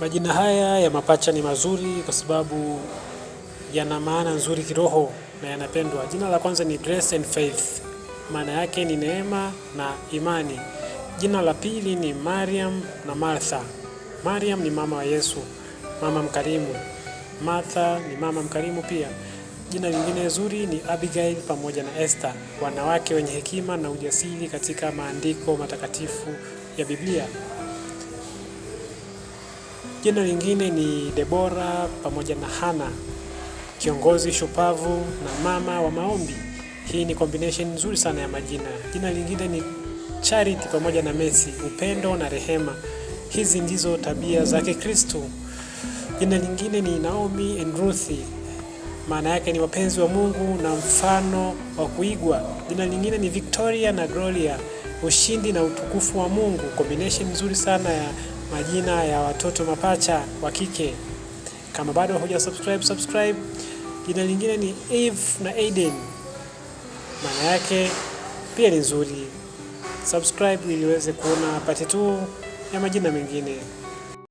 Majina haya ya mapacha ni mazuri kwa sababu yana maana nzuri kiroho na yanapendwa. Jina la kwanza ni Grace and Faith, maana yake ni neema na imani. Jina la pili ni Mariam na Martha. Mariam ni mama wa Yesu, mama mkarimu. Martha ni mama mkarimu pia. Jina lingine zuri ni Abigail pamoja na Esther, wanawake wenye hekima na ujasiri katika maandiko matakatifu ya Biblia. Jina lingine ni Debora pamoja na Hana, kiongozi shupavu na mama wa maombi. Hii ni combination nzuri sana ya majina. Jina lingine ni Charity pamoja na Mercy, upendo na rehema. Hizi ndizo tabia zake Kristo. Jina lingine ni Naomi and Ruth, maana yake ni wapenzi wa Mungu na mfano wa kuigwa. Jina lingine ni Victoria na Gloria, ushindi na utukufu wa Mungu. Combination nzuri sana ya majina ya watoto mapacha wa kike. Kama bado huja subscribe, subscribe. Jina lingine ni Eve na Aiden, maana yake pia ni nzuri. Subscribe ili uweze kuona pati tu ya majina mengine.